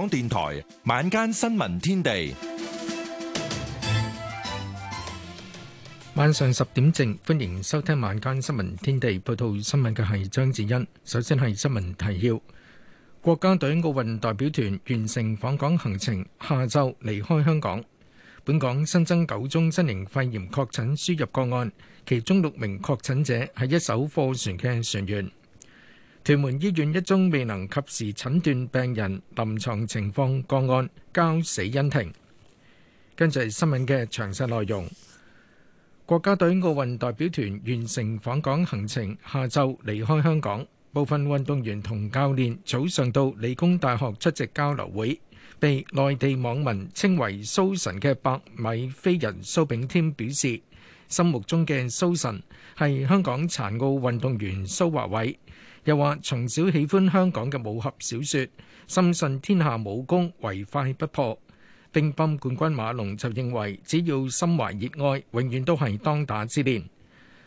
港電台晚間新聞天地，晚上十點正，歡迎收聽晚間新聞天地。報道新聞嘅係張智欣。首先係新聞提要：國家隊奧運代表團完成訪港行程，下晝離開香港。本港新增九宗新型肺炎確診輸入個案，其中六名確診者係一艘貨船嘅船員。屯門醫院一宗未能及時診斷病人臨牀情況個案交死因庭。跟住係新聞嘅詳細內容。國家隊奧運代表團完成訪港行程，下晝離開香港。部分運動員同教練早上到理工大學出席交流會。被內地網民稱為“蘇神”嘅百米飛人蘇炳添表示，心目中嘅“蘇神”係香港殘奧運動員蘇華偉。又話從小喜歡香港嘅武俠小說，深信天下武功唯快不破。乒乓冠軍馬龍就認為只要心懷熱愛，永遠都係當打之年。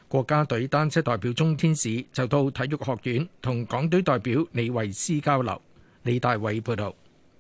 國家隊單車代表鍾天使就到體育學院同港隊代表李慧詩交流。李大偉報導。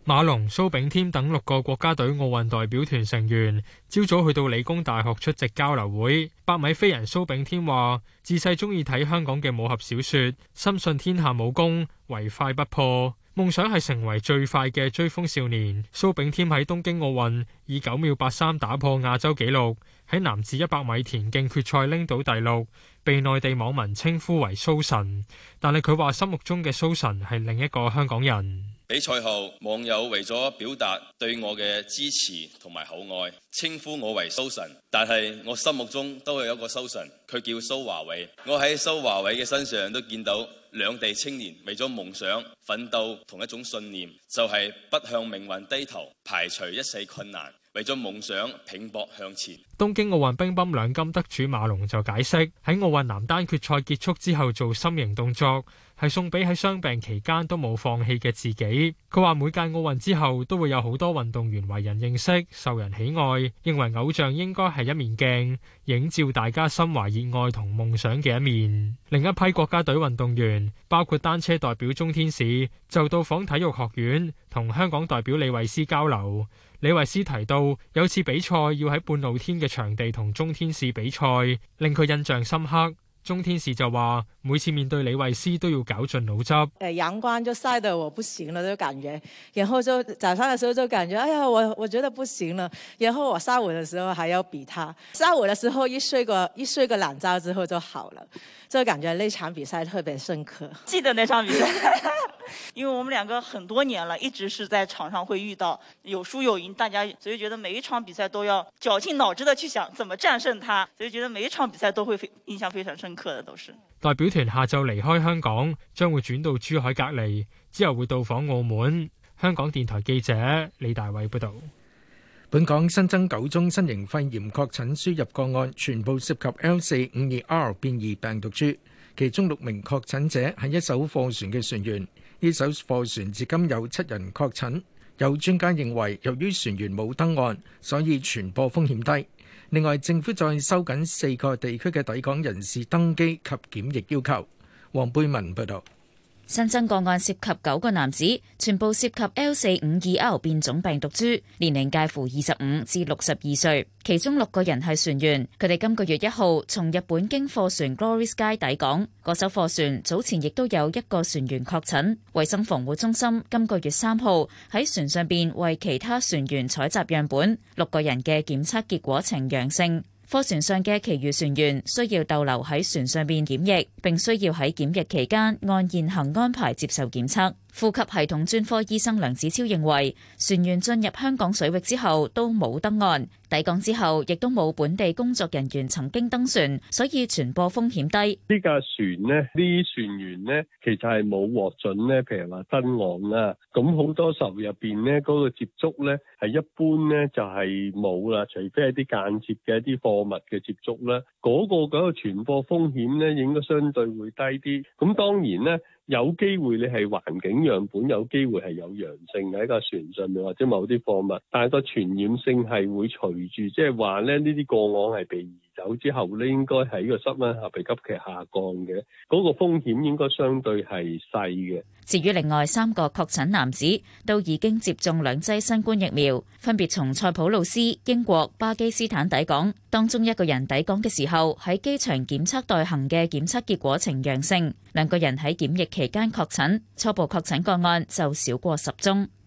馬龍、蘇炳添等六個國家隊奧運代表團成員朝早去到理工大學出席交流會。百米飛人蘇炳添話：自細中意睇香港嘅武俠小說，深信天下武功唯快不破，夢想係成為最快嘅追風少年。蘇炳添喺東京奧運以九秒八三打破亞洲紀錄，喺男子一百米田徑決賽拎到第六，被內地網民稱呼為蘇神。但係佢話心目中嘅蘇神係另一個香港人。比賽後，網友為咗表達對我嘅支持同埋厚愛，稱呼我為蘇神。但係我心目中都係有一個蘇神，佢叫蘇華偉。我喺蘇華偉嘅身上都見到兩地青年為咗夢想奮鬥同一種信念，就係不向命運低頭，排除一切困難，為咗夢想拼搏向前。東京奧運乒乓兩金得主馬龍就解釋喺奧運男單決賽結束之後做心形動作，係送俾喺傷病期間都冇放棄嘅自己。佢話每屆奧運之後都會有好多運動員為人認識、受人喜愛，認為偶像應該係一面鏡，映照大家心懷熱愛同夢想嘅一面。另一批國家隊運動員，包括單車代表鍾天使，就到訪體育學院，同香港代表李慧詩交流。李慧詩提到有次比賽要喺半露天嘅場地同鍾天使比賽令佢印象深刻，鍾天使就話每次面對李慧詩都要絞盡腦汁。誒，陽光就曬得我不行了，就感覺，然後就早上嘅時候就感覺，哎呀，我我覺得不行了，然後我下午嘅時候還要比他，下午嘅時候一睡個一睡個懶覺之後就好了，就感覺呢場比賽特別深刻，記得那場比賽。 因為我們兩個很多年了，一直是在場上會遇到有輸有贏，大家所以覺得每一場比賽都要絞盡腦汁的去想怎麼戰勝他，所以覺得每一場比賽都會印象非常深刻的。都是代表團下晝離開香港，將會轉到珠海隔離，之後會到訪澳門。香港電台記者李大偉報道。本港新增九宗新型肺炎確診輸入個案，全部涉及 L 四五二 R 變異病毒株，其中六名確診者係一艘貨船嘅船員。呢艘貨船至今有七人確診，有專家認為由於船員冇登岸，所以傳播風險低。另外，政府再收緊四個地區嘅抵港人士登機及檢疫要求。黃貝文報導。新增個案涉及九個男子，全部涉及 L 四五二 L 變種病毒株，年齡介乎二十五至六十二歲，其中六個人係船員。佢哋今個月一號從日本經貨船 Glorys i 街抵港。嗰艘貨船早前亦都有一個船員確診。衞生防疫中心今個月三號喺船上邊為其他船員採集樣本，六個人嘅檢測結果呈陽性。貨船上嘅其餘船員需要逗留喺船上邊檢疫，並需要喺檢疫期間按現行安排接受檢測。呼吸系統專科醫生梁子超認為，船員進入香港水域之後都冇登岸，抵港之後亦都冇本地工作人員曾經登船，所以傳播風險低。呢架船咧，呢啲船員咧，其實係冇獲准咧，譬如話登岸啦。咁好多時候入邊咧，嗰個接觸咧係一般咧就係冇啦，除非係啲間接嘅一啲貨物嘅接觸啦，嗰個嗰個傳播風險咧應該相對會低啲。咁當然咧。有機會你係環境樣本，有機會係有陽性，喺個船上面或者某啲貨物，但係個傳染性係會隨住，即係話咧呢啲個案係被，走之後咧，應該係呢個室温係被急劇下降嘅，嗰個風險應該相對係細嘅。至於另外三個確診男子都已經接種兩劑新冠疫苗，分別從塞浦路斯、英國、巴基斯坦抵港。當中一個人抵港嘅時候喺機場檢測待行嘅檢測結果呈陽性，兩個人喺檢疫期間確診，初步確診個案就少過十宗。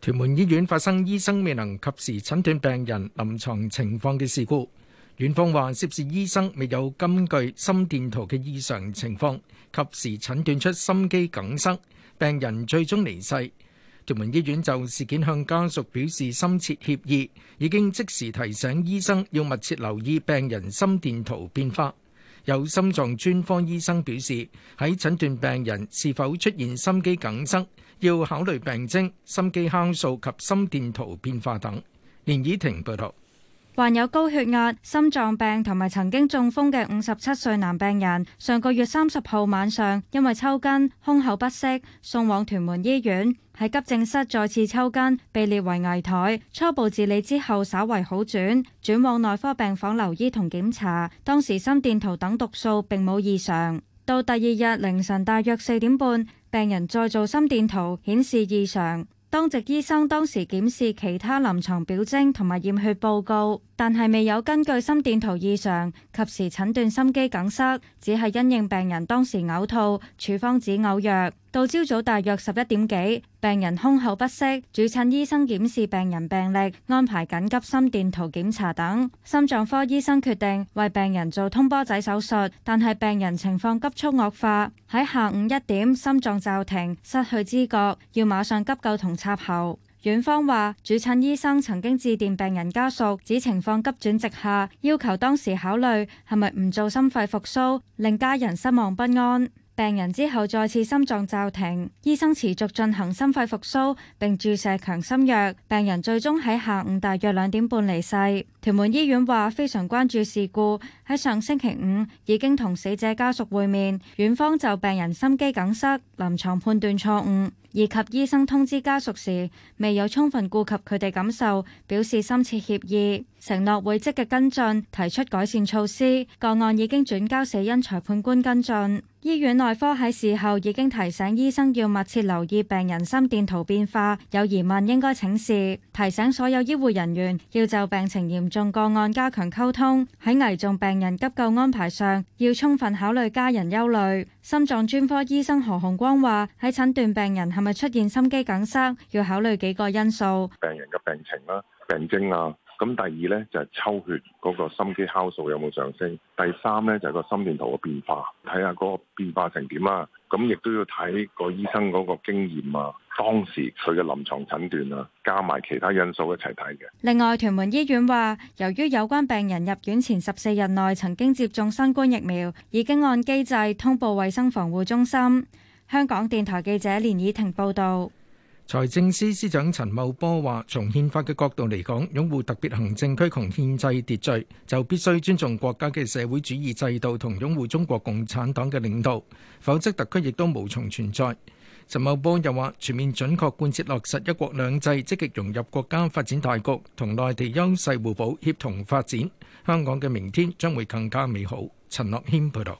屯門醫院發生醫生未能及時診斷病人臨床情況嘅事故，院方話涉事醫生未有根據心電圖嘅異常情況，及時診斷出心肌梗塞，病人最終離世。屯門醫院就事件向家屬表示深切歉意，已經即時提醒醫生要密切留意病人心電圖變化。有心臟專科醫生表示，喺診斷病人是否出現心肌梗塞，要考慮病徵、心肌酵素及心電圖變化等。連綺婷報道，患有高血壓、心臟病同埋曾經中風嘅五十七歲男病人，上個月三十號晚上因為抽筋、胸口不適，送往屯門醫院，喺急症室再次抽筋，被列為危殆。初步治理之後稍為好轉，轉往內科病房留醫同檢查，當時心電圖等讀數並冇異常。到第二日凌晨大約四點半，病人再做心電圖顯示異常，當值醫生當時檢視其他臨床表徵同埋驗血報告。但係未有根據心電圖異常及時診斷心肌梗塞，只係因應病人當時嘔吐，處方止嘔藥。到朝早大約十一點幾，病人胸口不適，主診醫生檢視病人病歷，安排緊急心電圖檢查等。心臟科醫生決定為病人做通波仔手術，但係病人情況急速惡化，喺下午一點心臟驟停，失去知覺，要馬上急救同插喉。院方話，主診醫生曾經致電病人家屬，指情況急轉直下，要求當時考慮係咪唔做心肺復甦，令家人失望不安。病人之後再次心臟驟停，醫生持續進行心肺復蘇，並注射強心藥。病人最終喺下午大約兩點半離世。屯門醫院話非常關注事故，喺上星期五已經同死者家屬會面。院方就病人心肌梗塞、臨床判斷錯誤，以及醫生通知家屬時未有充分顧及佢哋感受，表示深切歉意，承諾會積極跟進，提出改善措施。個案已經轉交死因裁判官跟進。醫院內科喺事後已經提醒醫生要密切留意病人心電圖變化，有疑問應該請示。提醒所有醫護人員要就病情嚴重個案加強溝通，喺危重病人急救安排上要充分考慮家人憂慮。心臟專科醫生何鴻光話：喺診斷病人係咪出現心肌梗塞，要考慮幾個因素，病人嘅病情啦、病徵啊。咁第二咧就係抽血嗰個心肌酵素有冇上升？第三咧就係個心電圖嘅變化，睇下嗰個變化成點啊，咁亦都要睇個醫生嗰個經驗啊，當時，佢嘅臨床診斷啊，加埋其他因素一齊睇嘅。另外，屯門醫院話，由於有關病人入院前十四日內曾經接種新冠疫苗，已經按機制通報衛生防護中心。香港電台記者連以婷報道。財政司司長陳茂波話：從憲法嘅角度嚟講，擁護特別行政區同憲制秩序，就必須尊重國家嘅社會主義制度同擁護中國共產黨嘅領導，否則特區亦都無從存在。陳茂波又話：全面準確貫徹落實一國兩制，積極融入國家發展大局，同內地優勢互補協同發展，香港嘅明天將會更加美好。陳樂軒報道。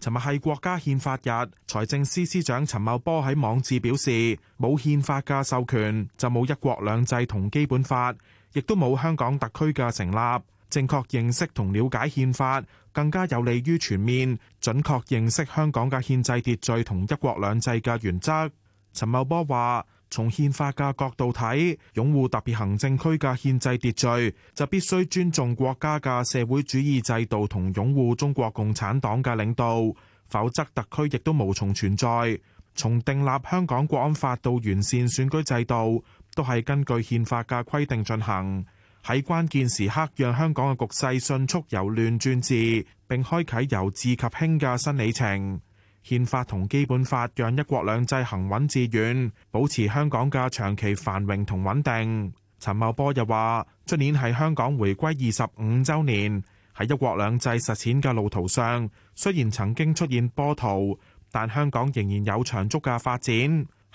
尋日係國家憲法日，財政司司長陳茂波喺網誌表示：冇憲法嘅授權，就冇一國兩制同基本法，亦都冇香港特區嘅成立。正確認識同了解憲法，更加有利於全面、準確認識香港嘅憲制秩序同一國兩制嘅原則。陳茂波話。從憲法嘅角度睇，擁護特別行政區嘅憲制秩序，就必須尊重國家嘅社會主義制度同擁護中國共產黨嘅領導，否則特區亦都無從存在。從訂立香港國安法到完善選舉制度，都係根據憲法嘅規定進行。喺關鍵時刻，讓香港嘅局勢迅速由亂轉治，並開啓由治及興嘅新里程。憲法同基本法，讓一國兩制行穩致遠，保持香港嘅長期繁榮同穩定。陳茂波又話，出年係香港回歸二十五週年，喺一國兩制實踐嘅路途上，雖然曾經出現波濤，但香港仍然有長足嘅發展。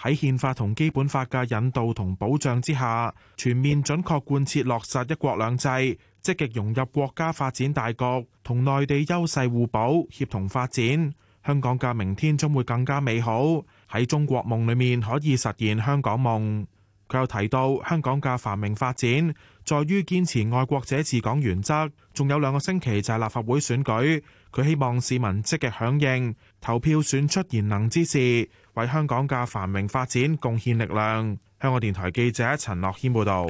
喺憲法同基本法嘅引導同保障之下，全面準確貫徹落實一國兩制，積極融入國家發展大局，同內地優勢互補，協同發展。香港嘅明天將會更加美好，喺中國夢裏面可以實現香港夢。佢又提到，香港嘅繁榮發展在於堅持愛國者治港原則。仲有兩個星期就係立法會選舉，佢希望市民積極響應投票，選出賢能之士，為香港嘅繁榮發展貢獻力量。香港電台記者陳諾謙報道。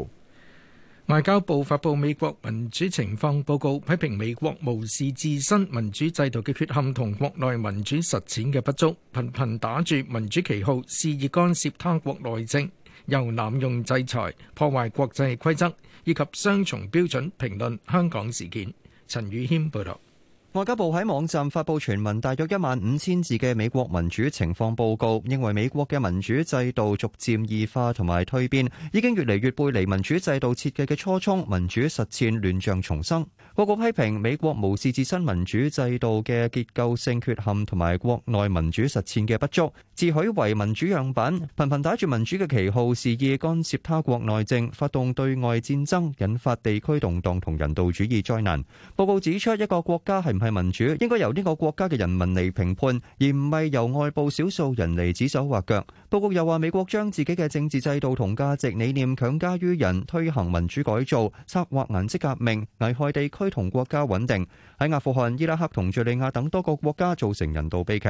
外交部發布美國民主情況報告，批評美國無視自身民主制度嘅缺陷同國內民主實踐嘅不足，頻頻打住民主旗號肆意干涉他國內政，又濫用制裁破壞國際規則以及雙重標準評論香港事件。陳宇謙報道。外交部喺網站發布全文大約一萬五千字嘅美國民主情況報告，認為美國嘅民主制度逐漸異化同埋蛻變，已經越嚟越背離民主制度設計嘅初衷，民主實踐亂象叢生。報告批評美國無視自身民主制度嘅結構性缺陷同埋國內民主實踐嘅不足，自詡為民主樣板，頻頻打著民主嘅旗號，肆意干涉他國內政，發動對外戰爭，引發地區動蕩同人道主義災難。報告指出，一個國家係。係民主應該由呢個國家嘅人民嚟評判，而唔係由外部少數人嚟指手畫腳。報告又話，美國將自己嘅政治制度同價值理念強加於人，推行民主改造，策劃顏色革命，危害地區同國家穩定，喺阿富汗、伊拉克同敘利亞等多個國家造成人道悲劇。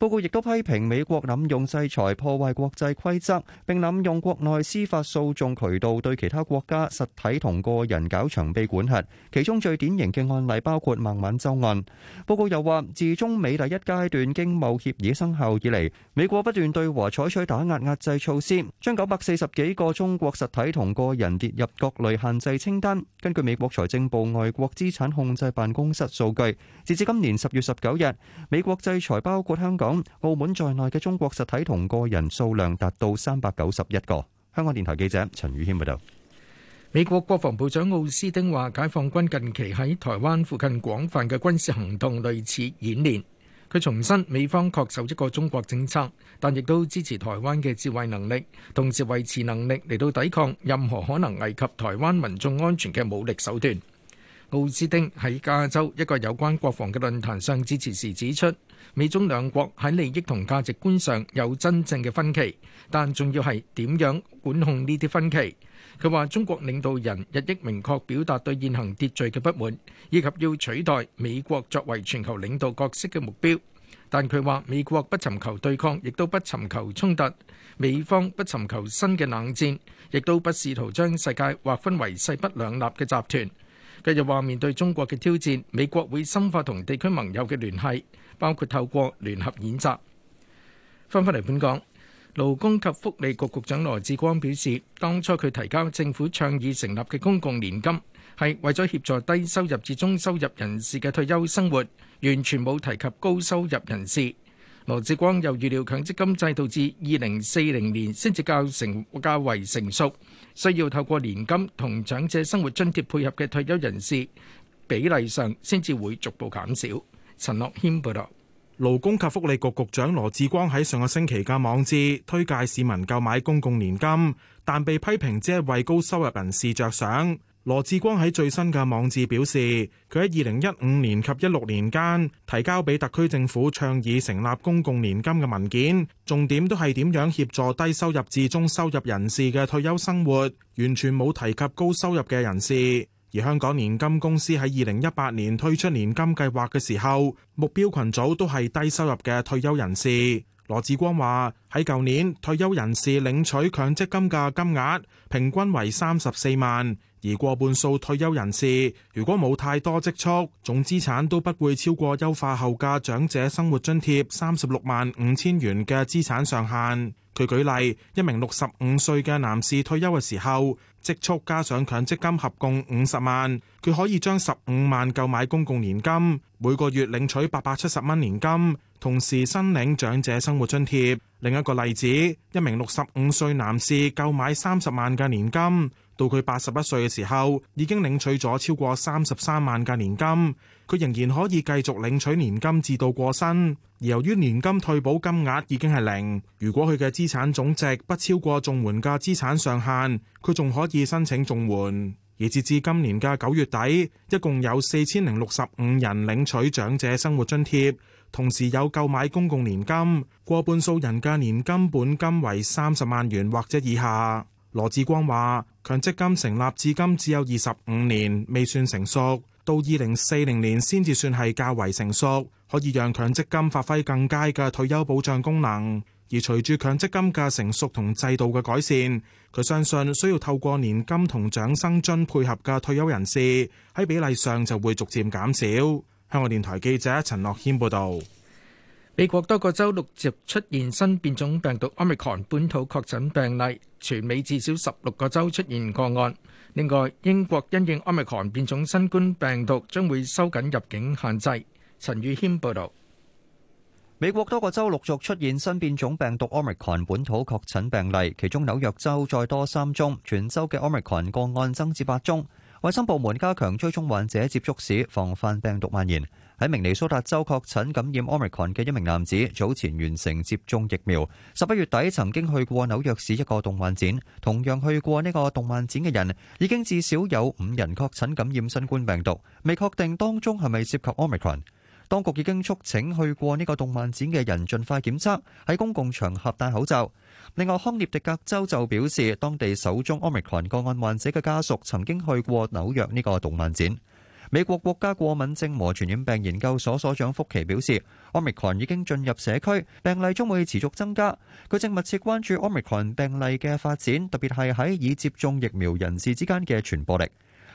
報告亦都批評美國濫用制裁破壞國際規則，並濫用國內司法訴訟渠道對其他國家實體同個人搞長臂管轄。其中最典型嘅案例包括孟晚舟案。報告又話，自中美第一階段經貿協議生效以嚟，美國不斷對華採取打壓壓制措施，將九百四十幾個中國實體同個人列入各類限制清單。根據美國財政部外國資產控制辦公室數據，截至今年十月十九日，美國制裁包括香港、澳門在內嘅中國實體同個人數量達到三百九十一個。香港電台記者陳宇謙報道。美國國防部長奧斯汀話，解放軍近期喺台灣附近廣泛嘅軍事行動類似演練。佢重申美方恪守一個中國政策，但亦都支持台灣嘅自衛能力，同時維持能力嚟到抵抗任何可能危及台灣民眾安全嘅武力手段。奧斯汀喺加州一個有關國防嘅論壇上致辭時指出，美中兩國喺利益同價值觀上有真正嘅分歧，但仲要係點樣管控呢啲分歧？佢話中國領導人日益明確表達對現行秩序嘅不滿，以及要取代美國作為全球領導角色嘅目標。但佢話美國不尋求對抗，亦都不尋求衝突。美方不尋求新嘅冷戰，亦都不試圖將世界劃分為勢不兩立嘅集團。繼續話：面對中國嘅挑戰，美國會深化同地區盟友嘅聯繫，包括透過聯合演習。翻返嚟本港，勞工及福利局局長羅致光表示，當初佢提交政府倡議成立嘅公共年金，係為咗協助低收入至中收入人士嘅退休生活，完全冇提及高收入人士。羅志光又預料強積金制度至二零四零年先至較成較為成熟，需要透過年金同長者生活津貼配合嘅退休人士比例上先至會逐步減少。陳樂謙報道，勞工及福利局局長羅志光喺上個星期嘅網誌推介市民購買公共年金，但被批評只係為高收入人士着想。羅致光喺最新嘅網誌表示，佢喺二零一五年及一六年間提交俾特區政府倡議成立公共年金嘅文件，重點都係點樣協助低收入至中收入人士嘅退休生活，完全冇提及高收入嘅人士。而香港年金公司喺二零一八年推出年金計劃嘅時候，目標群組都係低收入嘅退休人士。羅致光話，喺舊年退休人士領取強積金嘅金額平均為三十四萬。而過半數退休人士如果冇太多積蓄，總資產都不會超過優化後嘅長者生活津貼三十六萬五千元嘅資產上限。佢舉例，一名六十五歲嘅男士退休嘅時候，積蓄加上強積金合共五十萬，佢可以將十五萬購買公共年金，每個月領取八百七十蚊年金，同時申領長者生活津貼。另一個例子，一名六十五歲男士購買三十萬嘅年金。到佢八十一歲嘅時候，已經領取咗超過三十三萬嘅年金，佢仍然可以繼續領取年金至到過身。而由於年金退保金額已經係零，如果佢嘅資產總值不超過綜援嘅資產上限，佢仲可以申請綜援。而截至今年嘅九月底，一共有四千零六十五人領取長者生活津貼，同時有購買公共年金，過半數人嘅年金本金為三十萬元或者以下。羅志光話：強積金成立至今只有二十五年，未算成熟，到二零四零年先至算係較為成熟，可以讓強積金發揮更佳嘅退休保障功能。而隨住強積金嘅成熟同制度嘅改善，佢相信需要透過年金同長生津配合嘅退休人士喺比例上就會逐漸減少。香港電台記者陳樂謙報道。美國多個州陸續出現新變種病毒 omicron 本土確診病例，全美至少十六個州出現個案。另外，英國因應 omicron 變種新冠病毒，將會收緊入境限制。陳宇謙報道。美國多個州陸續出現新變種病毒 omicron 本土確診病例，其中紐約州再多三宗，全州嘅 omicron 個案增至八宗。衛生部門加強追蹤患者接觸史，防範病毒蔓延。喺明尼蘇達州確診感染 Omicron 嘅一名男子，早前完成接種疫苗。十一月底曾經去過紐約市一個動漫展，同樣去過呢個動漫展嘅人，已經至少有五人確診感染新冠病毒，未確定當中係咪涉及 Omicron，當局已經促請去過呢個動漫展嘅人盡快檢測，喺公共場合戴口罩。另外，康涅狄格州就表示，當地首宗 Omicron 個案患者嘅家屬曾經去過紐約呢個動漫展。美國國家過敏症和傳染病研究所所長福奇表示，Omicron 已經進入社區，病例將會持續增加。佢正密切關注 Omicron 病例嘅發展，特別係喺已接種疫苗人士之間嘅傳播力。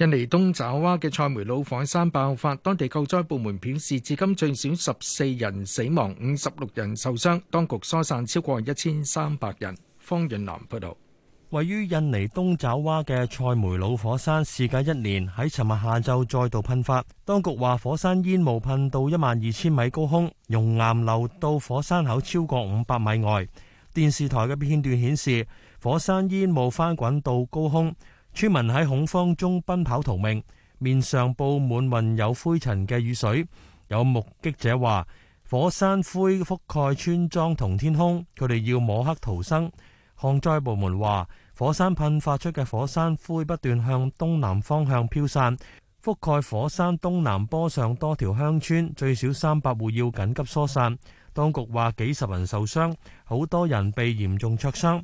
印尼東爪哇嘅塞梅魯火山爆發，當地救災部門表示，至今最少十四人死亡，五十六人受傷，當局疏散超過一千三百人。方潤南報道，位於印尼東爪哇嘅塞梅魯火山，事隔一年喺尋日下晝再度噴發，當局話火山煙霧噴到一萬二千米高空，熔岩流到火山口超過五百米外。電視台嘅片段顯示，火山煙霧翻滾到高空。村民喺恐慌中奔跑逃命，面上布滿混有灰塵嘅雨水。有目擊者話，火山灰覆蓋村莊同天空，佢哋要摸黑逃生。抗災部門話，火山噴發出嘅火山灰不斷向東南方向飄散，覆蓋火山東南坡上多條鄉村，最少三百戶要緊急疏散。當局話，幾十人受傷，好多人被嚴重灼傷。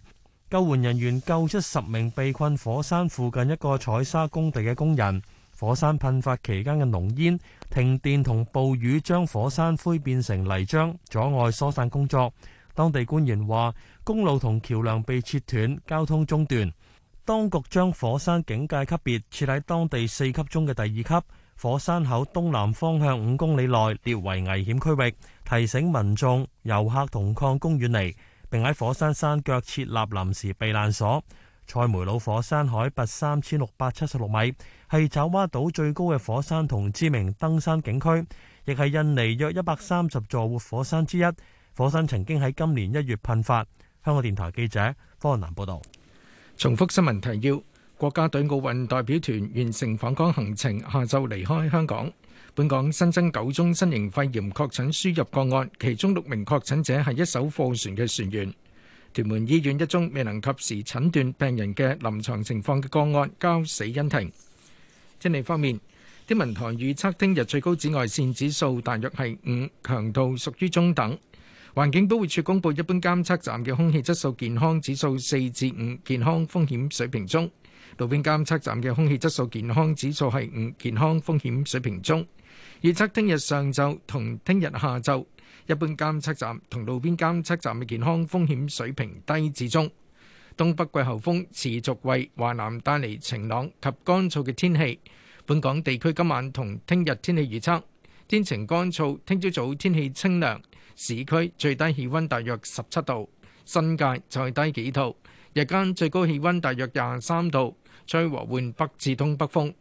救援人員救出十名被困火山附近一個採砂工地嘅工人。火山噴發期間嘅濃煙、停電同暴雨將火山灰變成泥漿，阻礙疏散工作。當地官員話：公路同橋梁被切斷，交通中斷。當局將火山警戒級別設喺當地四級中嘅第二級，火山口東南方向五公里內列為危險區域，提醒民眾、遊客同礦工遠離。並喺火山山腳設立臨時避難所。塞梅魯火山海拔三千六百七十六米，係爪哇島最高嘅火山，同知名登山景區，亦係印尼約一百三十座活火山之一。火山曾經喺今年一月噴發。香港電台記者方南報道。重複新聞提要：國家隊奧運代表團完成訪港行程，下晝離開香港。本港新增九宗新型肺炎確診輸入個案，其中六名確診者係一艘貨船嘅船員。屯門醫院一宗未能及時診斷病人嘅臨牀情況嘅個案交死因庭。天氣方面，天文台預測聽日最高紫外線指數大約係五，強度屬於中等。環境保護署公布一般監測站嘅空氣質素健康指數四至五，健康風險水平中；路邊監測站嘅空氣質素健康指數係五，健康風險水平中。預測聽日上晝同聽日下晝，一般監測站同路邊監測站嘅健康風險水平低至中。東北季候風持續為華南帶嚟晴朗及乾燥嘅天氣。本港地區今晚同聽日天氣預測：天晴乾燥，聽朝早天氣清涼，市區最低氣溫大約十七度，新界再低幾度。日間最高氣溫大約廿三度，吹和緩北至東北風。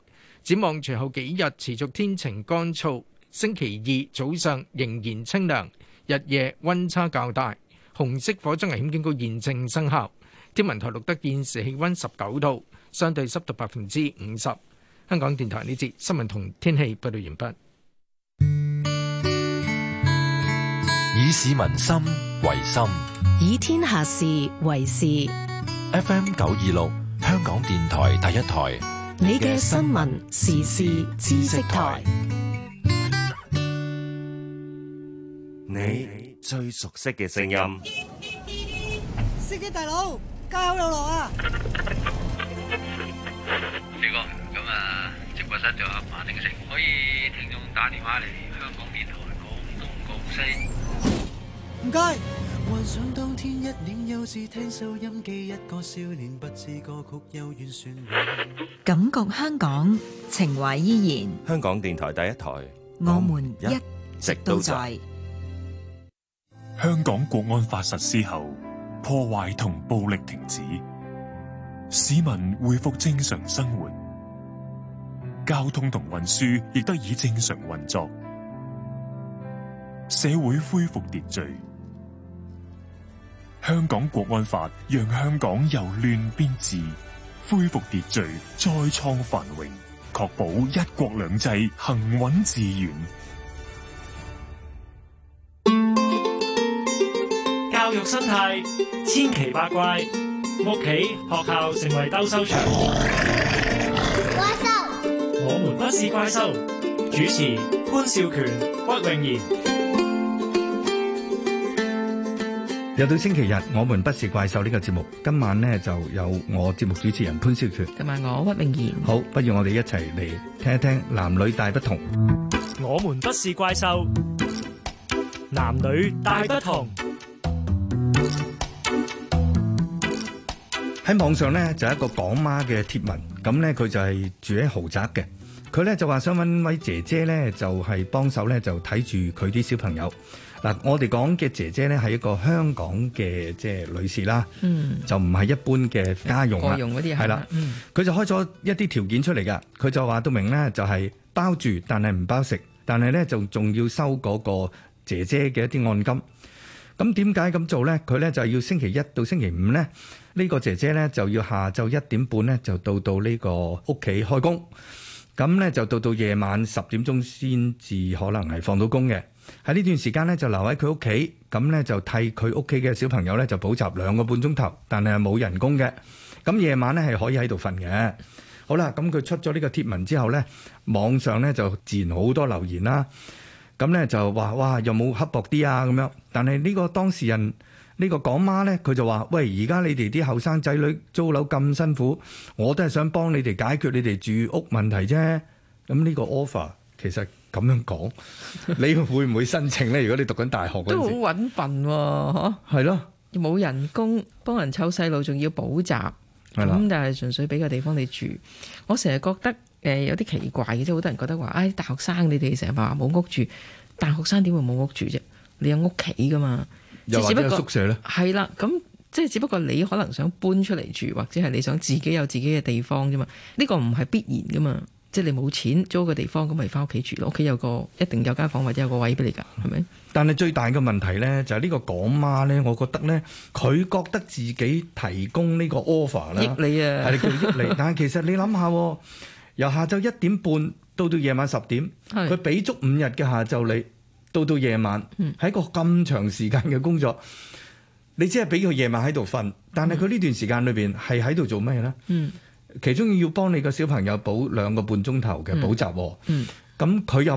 展望隨後幾日持續天晴乾燥，星期二早上仍然清涼，日夜温差較大。紅色火災危險警告現正生效。天文台錄得現時氣温十九度，相對濕度百分之五十。香港電台呢節新聞同天氣報道完畢。以市民心為心，以天下事為事。FM 九二六，香港電台第一台。你嘅新聞時事知識台，你最熟悉嘅聲音，司機大佬，加油努力啊！李哥，咁啊，直播室就阿馬鼎盛，可以聽眾打電話嚟香港電台廣東廣西，唔該。感覺香港情懷依然。香港電台第一台，我們一直都在。香港國安法實施後，破壞同暴力停止，市民恢復正常生活，交通同運輸亦得以正常運作，社會恢復秩序。香港國安法讓香港由亂變治，恢復秩序，再創繁榮，確保一國兩制行穩致遠。教育生態千奇百怪，屋企、學校成為鬥獸場。怪獸獸，我們不是怪獸。主持潘少權、屈永賢。又到星期日，我們不是怪獸呢個節目，今晚呢就有我節目主持人潘少權，同埋我屈明儀，好，不如我哋一齊嚟聽一聽男女大不同。我們不是怪獸，男女大不同。喺網上呢就係一個港媽嘅貼文，咁呢佢就係住喺豪宅嘅，佢呢就話想搵位姐姐呢就係幫手呢就睇住佢啲小朋友。嗱，我哋講嘅姐姐咧係一個香港嘅即係女士啦，嗯、就唔係一般嘅家用啦，係啦，佢的、嗯、就開咗一啲條件出嚟噶，佢就話到明咧就係包住，但係唔包食，但係咧就仲要收嗰個姐姐嘅一啲按金。咁點解咁做咧？佢咧就係要星期一到星期五咧，呢、呢個姐姐咧就要下晝一點半咧就到到呢個屋企開工，咁咧就,就到到夜晚十點鐘先至可能係放到工嘅。喺呢段時間咧就留喺佢屋企，咁咧就替佢屋企嘅小朋友咧就補習兩個半鐘頭，但係冇人工嘅。咁夜晚咧係可以喺度瞓嘅。好啦，咁佢出咗呢個貼文之後呢，網上咧就自然好多留言啦。咁咧就話：哇，有冇刻薄啲啊？咁樣。但係呢個當事人，呢個港媽呢，佢就話：喂，而家你哋啲後生仔女租樓咁辛苦，我都係想幫你哋解決你哋住屋問題啫。咁呢個 offer 其實。咁樣講， 你會唔會申請呢？如果你讀緊大學，都好搵笨、啊，嗬的？係咯，冇人工，幫人湊細路，仲要補習，咁但係純粹俾個地方你住。我成日覺得誒、呃，有啲奇怪嘅，即係好多人覺得話，唉、哎，大學生你哋成日話冇屋住，大學生點會冇屋住啫？你有屋企噶嘛？又或者係宿舍咧？係啦，咁即係只不過你可能想搬出嚟住，或者係你想自己有自己嘅地方啫嘛？呢、這個唔係必然噶嘛。即係你冇錢租個地方咁咪翻屋企住咯，屋企有個一定有間房或者有個位俾你噶，係咪？但係最大嘅問題咧，就係、是、呢個港媽咧，我覺得咧，佢覺得自己提供呢個 offer 咧利、啊，係 叫益你。但係其實你諗下、啊，由下晝一點半到到夜晚十點，佢俾是足五日嘅下晝你，到到夜晚，喺、嗯、個咁長時間嘅工作，你只係俾佢夜晚喺度瞓，但係佢呢段時間裏邊係喺度做咩咧？嗯。其中要幫你個小朋友補兩個半鐘頭嘅補習，嗯，咁佢又。